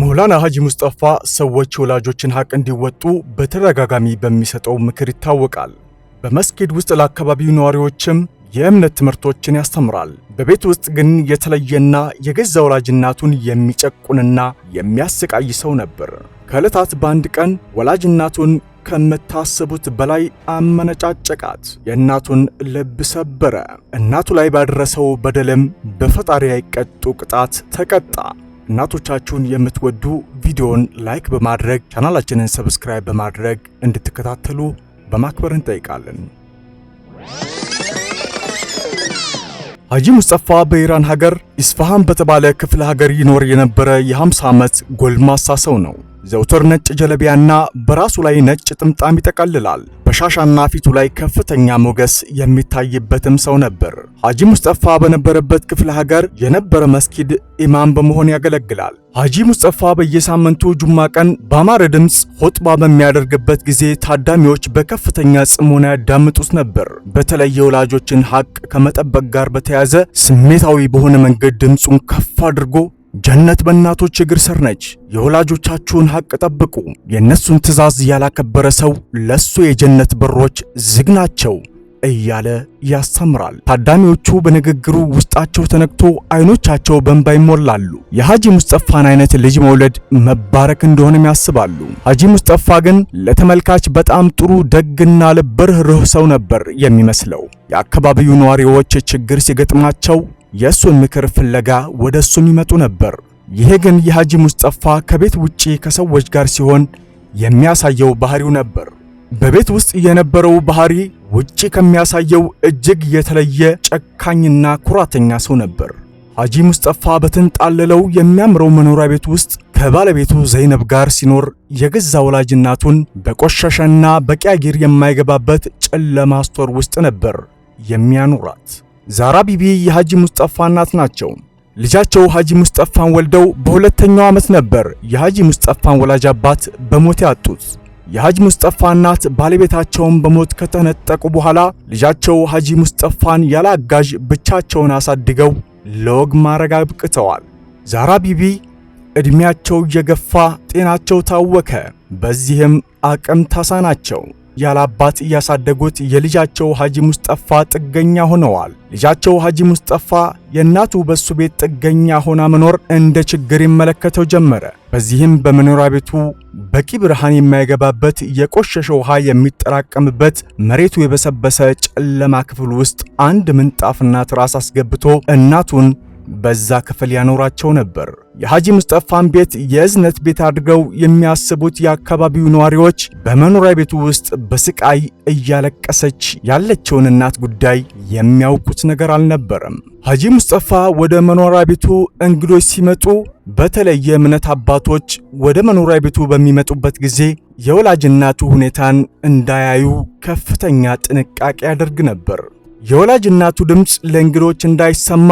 መውላና ሀጂ ሙስጠፋ ሰዎች ወላጆችን ሐቅ እንዲወጡ በተደጋጋሚ በሚሰጠው ምክር ይታወቃል። በመስጊድ ውስጥ ለአካባቢው ነዋሪዎችም የእምነት ትምህርቶችን ያስተምራል። በቤት ውስጥ ግን የተለየና የገዛ ወላጅናቱን የሚጨቁንና የሚያሰቃይ ሰው ነበር። ከዕለታት በአንድ ቀን ወላጅናቱን እናቱን ከምታስቡት በላይ አመነጫጨቃት። የእናቱን ልብ ሰበረ። እናቱ ላይ ባደረሰው በደልም በፈጣሪ አይቀጡ ቅጣት ተቀጣ። እናቶቻችሁን የምትወዱ ቪዲዮን ላይክ በማድረግ ቻናላችንን ሰብስክራይብ በማድረግ እንድትከታተሉ በማክበር እንጠይቃለን። ሐጂ ሙስጠፋ በኢራን ሀገር ኢስፋሃን በተባለ ክፍለ ሀገር ይኖር የነበረ የ50 ዓመት ጎልማሳ ሰው ነው። ዘውትር ነጭ ጀለቢያና በራሱ ላይ ነጭ ጥምጣም ይጠቀልላል። በሻሻና ፊቱ ላይ ከፍተኛ ሞገስ የሚታይበትም ሰው ነበር። ሐጂ ሙስጠፋ በነበረበት ክፍለ ሀገር የነበረ መስጊድ ኢማም በመሆን ያገለግላል። ሐጂ ሙስጠፋ በየሳምንቱ ጁማ ቀን በአማረ ድምፅ ሆጥባ በሚያደርግበት ጊዜ ታዳሚዎች በከፍተኛ ጽሞና ያዳምጡት ነበር። በተለይ የወላጆችን ሐቅ ከመጠበቅ ጋር በተያያዘ ስሜታዊ በሆነ መንገድ ድምፁን ከፍ አድርጎ ጀነት በእናቶች እግር ስር ነች። የወላጆቻችሁን ሐቅ ጠብቁ። የእነሱን ትዕዛዝ ያላከበረ ሰው ለሱ የጀነት በሮች ዝግ ናቸው እያለ ያስተምራል። ታዳሚዎቹ በንግግሩ ውስጣቸው ተነክቶ አይኖቻቸው በእንባ ይሞላሉ። የሐጂ ሙስጠፋን አይነት ልጅ መውለድ መባረክ እንደሆነም ያስባሉ። ሐጂ ሙስጠፋ ግን ለተመልካች በጣም ጥሩ ደግና ልበ ርህሩህ ሰው ነበር የሚመስለው። የአካባቢው ነዋሪዎች ችግር ሲገጥማቸው የእሱን ምክር ፍለጋ ወደ እሱም ይመጡ ነበር። ይሄ ግን የሐጂ ሙስጠፋ ከቤት ውጪ ከሰዎች ጋር ሲሆን የሚያሳየው ባህሪው ነበር። በቤት ውስጥ የነበረው ባህሪ ውጪ ከሚያሳየው እጅግ የተለየ ጨካኝና ኩራተኛ ሰው ነበር። ሐጂ ሙስጠፋ በተንጣለለው የሚያምረው መኖሪያ ቤት ውስጥ ከባለቤቱ ዘይነብ ጋር ሲኖር የገዛ ወላጅ እናቱን በቆሸሸና በቂያጊር የማይገባበት ጨለማ ስቶር ውስጥ ነበር የሚያኖራት። ዛራ ቢቢ የሐጂ ሙስጠፋ እናት ናቸው። ልጃቸው ሐጂ ሙስጠፋን ወልደው በሁለተኛው ዓመት ነበር የሐጂ ሙስጠፋን ወላጅ አባት በሞት ያጡት። የሐጂ ሙስጠፋ እናት ባለቤታቸውን በሞት ከተነጠቁ በኋላ ልጃቸው ሐጂ ሙስጠፋን ያለ አጋዥ ብቻቸውን አሳድገው ለወግ ማዕረግ አብቅተዋል። ዛራ ቢቢ ዕድሜያቸው እየገፋ ጤናቸው ታወከ። በዚህም አቅም ታሳናቸው። ያላባት እያሳደጉት የልጃቸው ሐጂ ሙስጠፋ ጥገኛ ሆነዋል። ልጃቸው ሐጂ ሙስጠፋ የእናቱ በሱ ቤት ጥገኛ ሆና መኖር እንደ ችግር ይመለከተው ጀመረ። በዚህም በመኖሪያ ቤቱ በቂ ብርሃን የማይገባበት የቆሸሸ ውሃ የሚጠራቀምበት መሬቱ የበሰበሰ ጨለማ ክፍል ውስጥ አንድ ምንጣፍና ትራስ አስገብቶ እናቱን በዛ ክፍል ያኖራቸው ነበር። የሐጂ ሙስጠፋን ቤት የእዝነት ቤት አድርገው የሚያስቡት የአካባቢው ነዋሪዎች በመኖሪያ ቤቱ ውስጥ በስቃይ እያለቀሰች ያለችውን እናት ጉዳይ የሚያውቁት ነገር አልነበረም። ሐጂ ሙስጠፋ ወደ መኖሪያ ቤቱ እንግዶች ሲመጡ በተለየ እምነት አባቶች ወደ መኖሪያ ቤቱ በሚመጡበት ጊዜ የወላጅ እናቱ ሁኔታን እንዳያዩ ከፍተኛ ጥንቃቄ ያደርግ ነበር። የወላጅ እናቱ ድምፅ ለእንግዶች እንዳይሰማ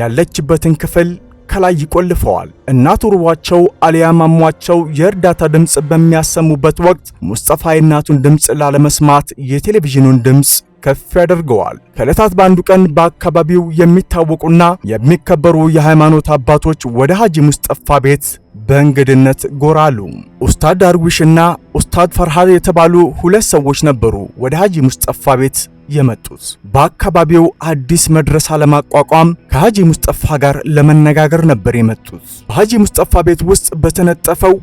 ያለችበትን ክፍል ከላይ ይቆልፈዋል። እናቱ ሩሯቸው አሊያም አሟቸው የእርዳታ ድምፅ በሚያሰሙበት ወቅት ሙስጠፋ የእናቱን ድምፅ ላለመስማት የቴሌቪዥኑን ድምፅ ከፍ ያደርገዋል። ከዕለታት በአንዱ ቀን በአካባቢው የሚታወቁና የሚከበሩ የሃይማኖት አባቶች ወደ ሐጂ ሙስጠፋ ቤት በእንግድነት ጎራሉ። ኡስታድ ኡስታድ ዳርዊሽና ኡስታድ ፈርሃድ የተባሉ ሁለት ሰዎች ነበሩ ወደ ሐጂ ሙስጠፋ ቤት የመጡት። በአካባቢው አዲስ መድረሳ ለማቋቋም ከሐጂ ሙስጠፋ ጋር ለመነጋገር ነበር የመጡት። በሐጂ ሙስጠፋ ቤት ውስጥ በተነጠፈው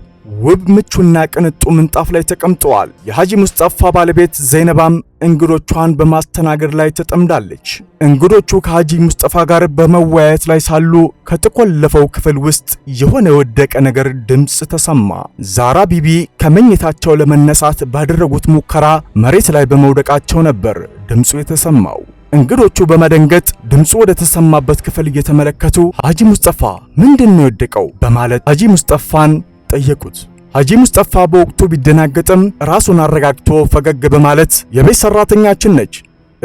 ውብ ምቹና ቅንጡ ምንጣፍ ላይ ተቀምጠዋል። የሐጂ ሙስጠፋ ባለቤት ዘይነባም እንግዶቿን በማስተናገድ ላይ ተጠምዳለች። እንግዶቹ ከሐጂ ሙስጠፋ ጋር በመወያየት ላይ ሳሉ ከተቆለፈው ክፍል ውስጥ የሆነ የወደቀ ነገር ድምፅ ተሰማ። ዛራ ቢቢ ከመኝታቸው ለመነሳት ባደረጉት ሙከራ መሬት ላይ በመውደቃቸው ነበር ድምፁ የተሰማው። እንግዶቹ በመደንገጥ ድምፁ ወደ ተሰማበት ክፍል እየተመለከቱ ሐጂ ሙስጠፋ ምንድን ነው የወደቀው በማለት ሐጂ ሙስጠፋን ጠየቁት። ሐጂ ሙስጠፋ በወቅቱ ቢደናገጥም ራሱን አረጋግቶ ፈገግ በማለት የቤት ሰራተኛችን ነች፣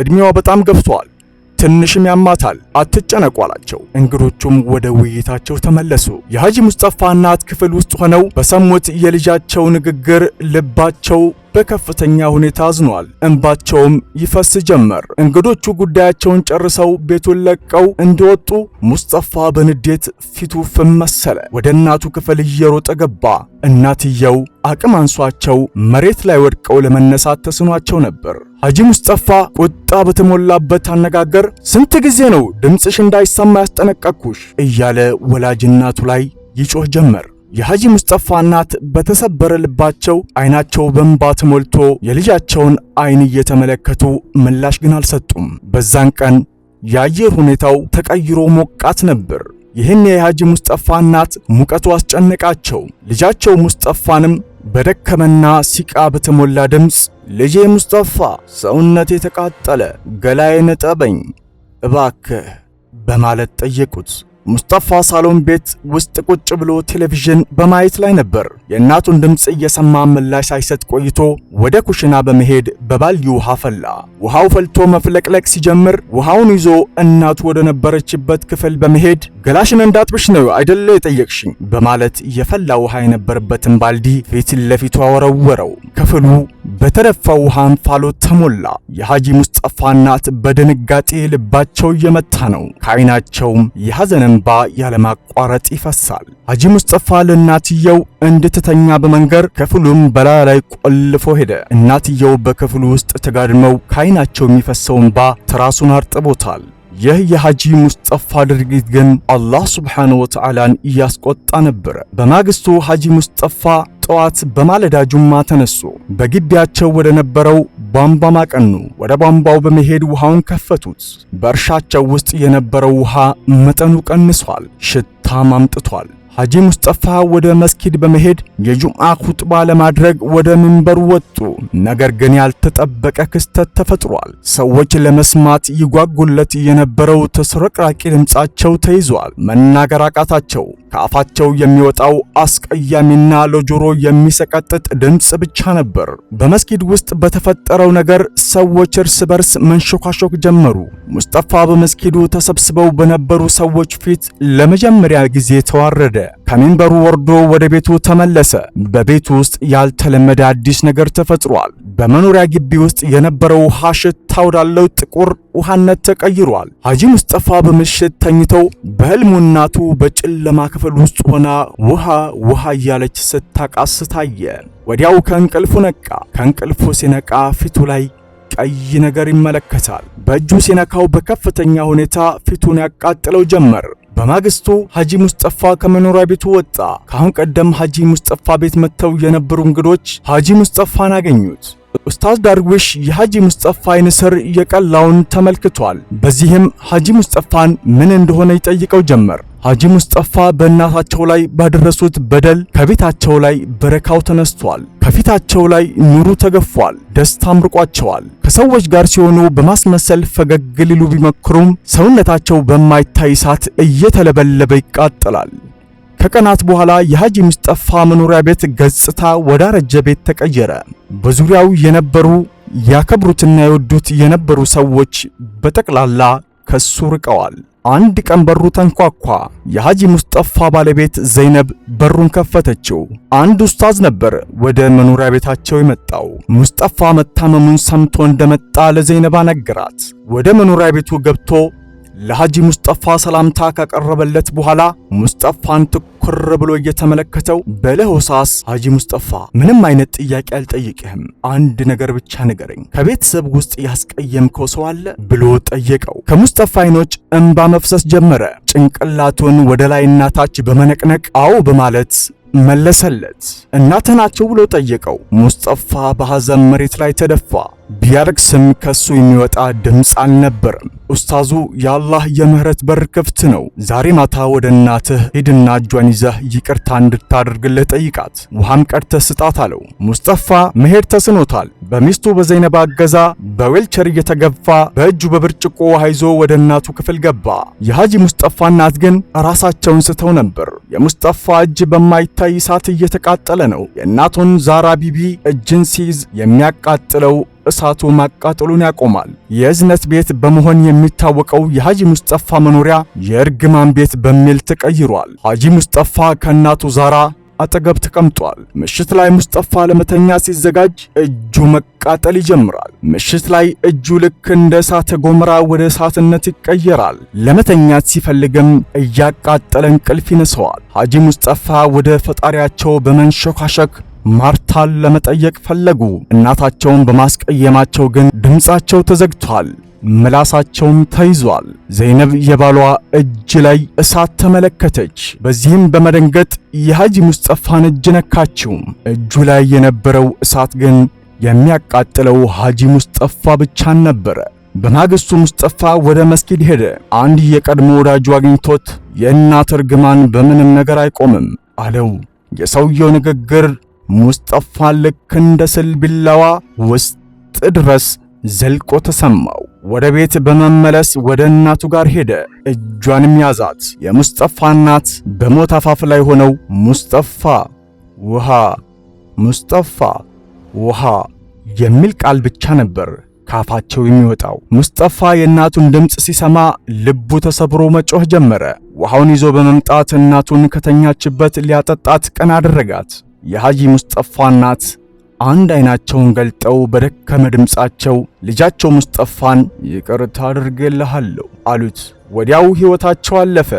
እድሜዋ በጣም ገፍቷል፣ ትንሽም ያማታል፣ አትጨነቁ አላቸው። እንግዶቹም ወደ ውይይታቸው ተመለሱ። የሐጂ ሙስጠፋ እናት ክፍል ውስጥ ሆነው በሰሙት የልጃቸው ንግግር ልባቸው በከፍተኛ ሁኔታ አዝኗል። እንባቸውም ይፈስ ጀመር። እንግዶቹ ጉዳያቸውን ጨርሰው ቤቱን ለቀው እንደወጡ ሙስጠፋ በንዴት ፊቱ ፍም መሰለ። ወደ እናቱ ክፍል እየሮጠ ገባ። እናትየው አቅም አንሷቸው መሬት ላይ ወድቀው ለመነሳት ተስኗቸው ነበር። ሐጂ ሙስጠፋ ቁጣ በተሞላበት አነጋገር ስንት ጊዜ ነው ድምፅሽ እንዳይሰማ ያስጠነቀቅኩሽ እያለ ወላጅ እናቱ ላይ ይጮህ ጀመር። የሐጂ ሙስጠፋ እናት በተሰበረ ልባቸው አይናቸው በእንባ ተሞልቶ የልጃቸውን አይን እየተመለከቱ ምላሽ ግን አልሰጡም። በዛን ቀን የአየር ሁኔታው ተቀይሮ ሞቃት ነበር። ይህን የሐጂ ሙስጠፋ እናት ሙቀቱ አስጨነቃቸው። ልጃቸው ሙስጠፋንም በደከመና ሲቃ በተሞላ ድምፅ ልጄ ሙስጠፋ ሰውነት የተቃጠለ ገላዬ ነጠበኝ እባክህ በማለት ጠየቁት። ሙስጠፋ ሳሎን ቤት ውስጥ ቁጭ ብሎ ቴሌቪዥን በማየት ላይ ነበር። የእናቱን ድምፅ እየሰማ ምላሽ ሳይሰጥ ቆይቶ ወደ ኩሽና በመሄድ በባልዲ ውሃ ፈላ። ውሃው ፈልቶ መፍለቅለቅ ሲጀምር ውሃውን ይዞ እናቱ ወደ ነበረችበት ክፍል በመሄድ ገላሽን እንዳጥብሽ ነው አይደለ የጠየቅሽኝ በማለት የፈላ ውሃ የነበረበትን ባልዲ ፊት ለፊቱ ወረወረው። ክፍሉ በተደፋ ውሃ እንፋሎት ተሞላ። የሐጂ ሙስጠፋ እናት በድንጋጤ ልባቸው እየመታ ነው። ከዓይናቸውም የሐዘነ እንባ ያለማቋረጥ ይፈሳል። ሐጂ ሙስጠፋ ለእናትየው እንድትተኛ በመንገር ክፍሉም በላዩ ላይ ቆልፎ ሄደ። እናትየው በክፍሉ ውስጥ ተጋድመው ከዓይናቸው የሚፈሰው እንባ ትራሱን አርጥቦታል። ይህ የሐጂ ሙስጠፋ ድርጊት ግን አላህ ሱብሓነሁ ወተዓላን እያስቆጣ ነበረ። በማግስቱ ሐጂ ሙስጠፋ ጠዋት በማለዳ ጁማ ተነሱ። በግቢያቸው ወደ ነበረው ቧንቧ ማቀኑ። ወደ ቧንቧው በመሄድ ውሃውን ከፈቱት። በእርሻቸው ውስጥ የነበረው ውሃ መጠኑ ቀንሷል፣ ሽታም አምጥቷል። ሐጂ ሙስጠፋ ወደ መስጊድ በመሄድ የጁምዓ ኹጥባ ለማድረግ ወደ ምንበር ወጡ። ነገር ግን ያልተጠበቀ ክስተት ተፈጥሯል። ሰዎች ለመስማት ይጓጉለት የነበረው ተስረቅራቂ ድምፃቸው ተይዟል። መናገር አቃታቸው። ከአፋቸው የሚወጣው አስቀያሚና ለጆሮ የሚሰቀጥጥ ድምፅ ብቻ ነበር። በመስጊድ ውስጥ በተፈጠረው ነገር ሰዎች እርስ በርስ መንሾካሾክ ጀመሩ። ሙስጠፋ በመስጊዱ ተሰብስበው በነበሩ ሰዎች ፊት ለመጀመሪያ ጊዜ ተዋረደ። ከሚንበሩ ወርዶ ወደ ቤቱ ተመለሰ። በቤቱ ውስጥ ያልተለመደ አዲስ ነገር ተፈጥሯል። በመኖሪያ ግቢ ውስጥ የነበረው ውሃ ሽታ ወዳለው ጥቁር ውሃነት ተቀይሯል። ሐጂ ሙስጠፋ በምሽት ተኝተው በህልሙ እናቱ በጨለማ ክፍል ውስጥ ሆና ውሃ ውሃ እያለች ስታቃስ ታየ። ወዲያው ከእንቅልፉ ነቃ። ከእንቅልፉ ሲነቃ ፊቱ ላይ ቀይ ነገር ይመለከታል። በእጁ ሲነካው በከፍተኛ ሁኔታ ፊቱን ያቃጥለው ጀመር። በማግስቱ ሐጂ ሙስጠፋ ከመኖሪያ ቤቱ ወጣ። ከአሁን ቀደም ሐጂ ሙስጠፋ ቤት መጥተው የነበሩ እንግዶች ሐጂ ሙስጠፋን አገኙት። ኡስታዝ ዳርዊሽ የሐጂ ሙስጠፋ አይን ስር የቀላውን ተመልክቷል። በዚህም ሐጂ ሙስጠፋን ምን እንደሆነ ይጠይቀው ጀመር። ሐጂ ሙስጠፋ በእናታቸው ላይ ባደረሱት በደል ከቤታቸው ላይ በረካው ተነስቷል። ከፊታቸው ላይ ኑሩ ተገፏል። ደስታ አምርቋቸዋል። ከሰዎች ጋር ሲሆኑ በማስመሰል ፈገግ ሊሉ ቢሞክሩም ሰውነታቸው በማይታይ እሳት እየተለበለበ ይቃጠላል። ከቀናት በኋላ የሐጂ ሙስጠፋ መኖሪያ ቤት ገጽታ ወደ አረጀ ቤት ተቀየረ። በዙሪያው የነበሩ ያከብሩትና የወዱት የነበሩ ሰዎች በጠቅላላ ከሱ ርቀዋል። አንድ ቀን በሩ ተንኳኳ። የሐጂ ሙስጠፋ ባለቤት ዘይነብ በሩን ከፈተችው። አንድ ኡስታዝ ነበር ወደ መኖሪያ ቤታቸው የመጣው። ሙስጠፋ መታመሙን ሰምቶ እንደመጣ ለዘይነብ ነገራት። ወደ መኖሪያ ቤቱ ገብቶ ለሐጂ ሙስጠፋ ሰላምታ ካቀረበለት በኋላ ሙስጠፋን ትኩር ብሎ እየተመለከተው በለሆሳስ ሐጂ ሙስጠፋ ምንም አይነት ጥያቄ አልጠይቅህም፣ አንድ ነገር ብቻ ንገረኝ፣ ከቤተሰብ ውስጥ ያስቀየምከው ሰው አለ ብሎ ጠየቀው። ከሙስጠፋ አይኖች እንባ መፍሰስ ጀመረ። ጭንቅላቱን ወደ ላይና ታች በመነቅነቅ አዎ በማለት መለሰለት። እናተ ናቸው ብሎ ጠየቀው። ሙስጠፋ በሐዘን መሬት ላይ ተደፋ። ስም ከሱ የሚወጣ ድምፅ አልነበረም። ኡስታዙ የአላህ የምህረት በር ክፍት ነው። ዛሬ ማታ ወደ እናትህ ሂድና እጇን ይዘህ ይቅርታ እንድታደርግልህ ጠይቃት፣ ውሃም ቀድተህ ስጣት አለው። ሙስጠፋ መሄድ ተስኖታል። በሚስቱ በዘይነባ አገዛ በዌልቸር እየተገፋ በእጁ በብርጭቆ ውሃ ይዞ ወደ እናቱ ክፍል ገባ። የሐጂ ሙስጠፋ እናት ግን ራሳቸውን ስተው ነበር። የሙስጠፋ እጅ በማይታይ እሳት እየተቃጠለ ነው። የእናቱን ዛራ ቢቢ እጅን ሲይዝ የሚያቃጥለው እሳቱ ማቃጠሉን ያቆማል። የእዝነት ቤት በመሆን የሚታወቀው የሐጂ ሙስጠፋ መኖሪያ የእርግማን ቤት በሚል ተቀይሯል። ሐጂ ሙስጠፋ ከእናቱ ዛራ አጠገብ ተቀምጧል። ምሽት ላይ ሙስጠፋ ለመተኛ ሲዘጋጅ እጁ መቃጠል ይጀምራል። ምሽት ላይ እጁ ልክ እንደ እሳተ ገሞራ ወደ እሳትነት ይቀየራል። ለመተኛት ሲፈልግም እያቃጠለ እንቅልፍ ይነሰዋል። ሐጂ ሙስጠፋ ወደ ፈጣሪያቸው በመንሸኳሸክ ማርታን ለመጠየቅ ፈለጉ። እናታቸውን በማስቀየማቸው ግን ድምፃቸው ተዘግቷል፣ ምላሳቸውም ተይዟል። ዘይነብ የባሏ እጅ ላይ እሳት ተመለከተች። በዚህም በመደንገጥ የሐጂ ሙስጠፋን እጅ ነካችው። እጁ ላይ የነበረው እሳት ግን የሚያቃጥለው ሐጂ ሙስጠፋ ብቻን ነበረ። በማግስቱ ሙስጠፋ ወደ መስጊድ ሄደ። አንድ የቀድሞ ወዳጁ አግኝቶት የእናት እርግማን በምንም ነገር አይቆምም አለው። የሰውየው ንግግር ሙስጠፋ ልክ እንደ ስል ቢላዋ ውስጥ ድረስ ዘልቆ ተሰማው። ወደ ቤት በመመለስ ወደ እናቱ ጋር ሄደ፣ እጇንም ያዛት። የሙስጠፋ እናት በሞት አፋፍ ላይ ሆነው ሙስጠፋ ውሃ፣ ሙስጠፋ ውሃ የሚል ቃል ብቻ ነበር ካፋቸው የሚወጣው። ሙስጠፋ የእናቱን ድምፅ ሲሰማ ልቡ ተሰብሮ መጮህ ጀመረ። ውሃውን ይዞ በመምጣት እናቱን ከተኛችበት ሊያጠጣት ቀና አደረጋት። የሐጂ ሙስጠፋ እናት አንድ አይናቸውን ገልጠው በደከመ ድምፃቸው ልጃቸው ሙስጠፋን ይቅርታ አድርጌልሃለሁ አሉት። ወዲያው ሕይወታቸው አለፈ።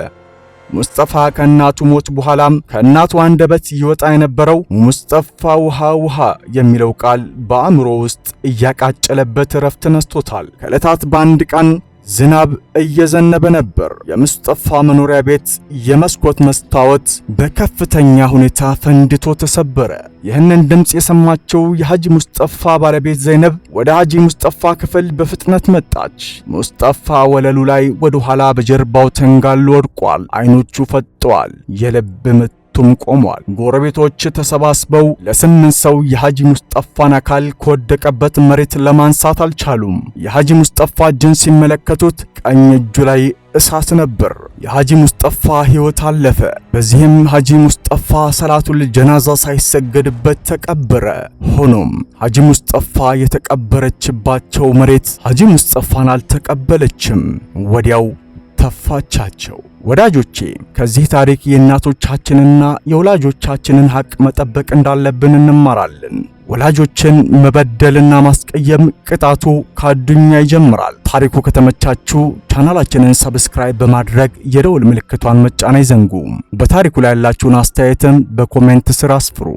ሙስጠፋ ከእናቱ ሞት በኋላም ከእናቱ አንደበት ይወጣ የነበረው ሙስጠፋ ውሃ ውሃ የሚለው ቃል በአእምሮ ውስጥ እያቃጨለበት እረፍት ነስቶታል። ከዕለታት በአንድ ቀን ዝናብ እየዘነበ ነበር። የሙስጠፋ መኖሪያ ቤት የመስኮት መስታወት በከፍተኛ ሁኔታ ፈንድቶ ተሰበረ። ይህንን ድምፅ የሰማችው የሐጂ ሙስጠፋ ባለቤት ዘይነብ ወደ ሐጂ ሙስጠፋ ክፍል በፍጥነት መጣች። ሙስጠፋ ወለሉ ላይ ወደ ኋላ በጀርባው ተንጋሎ ወድቋል። አይኖቹ ፈጠዋል። የልብ ምት ሁለቱም ቆመዋል። ጎረቤቶች ተሰባስበው ለስምንት ሰው የሐጂ ሙስጠፋን አካል ከወደቀበት መሬት ለማንሳት አልቻሉም። የሐጂ ሙስጠፋ እጅን ሲመለከቱት ቀኝ እጁ ላይ እሳት ነበር። የሐጂ ሙስጠፋ ሕይወት አለፈ። በዚህም ሐጂ ሙስጠፋ ሰላቱል ጀናዛ ሳይሰገድበት ተቀበረ። ሆኖም ሐጂ ሙስጠፋ የተቀበረችባቸው መሬት ሐጂ ሙስጠፋን አልተቀበለችም፣ ወዲያው ተፋቻቸው። ወዳጆቼ ከዚህ ታሪክ የእናቶቻችንና የወላጆቻችንን ሐቅ መጠበቅ እንዳለብን እንማራለን። ወላጆችን መበደልና ማስቀየም ቅጣቱ ከአዱኛ ይጀምራል። ታሪኩ ከተመቻችሁ ቻናላችንን ሰብስክራይብ በማድረግ የደውል ምልክቷን መጫን አይዘንጉ። በታሪኩ ላይ ያላችሁን አስተያየትም በኮሜንት ስር አስፍሩ።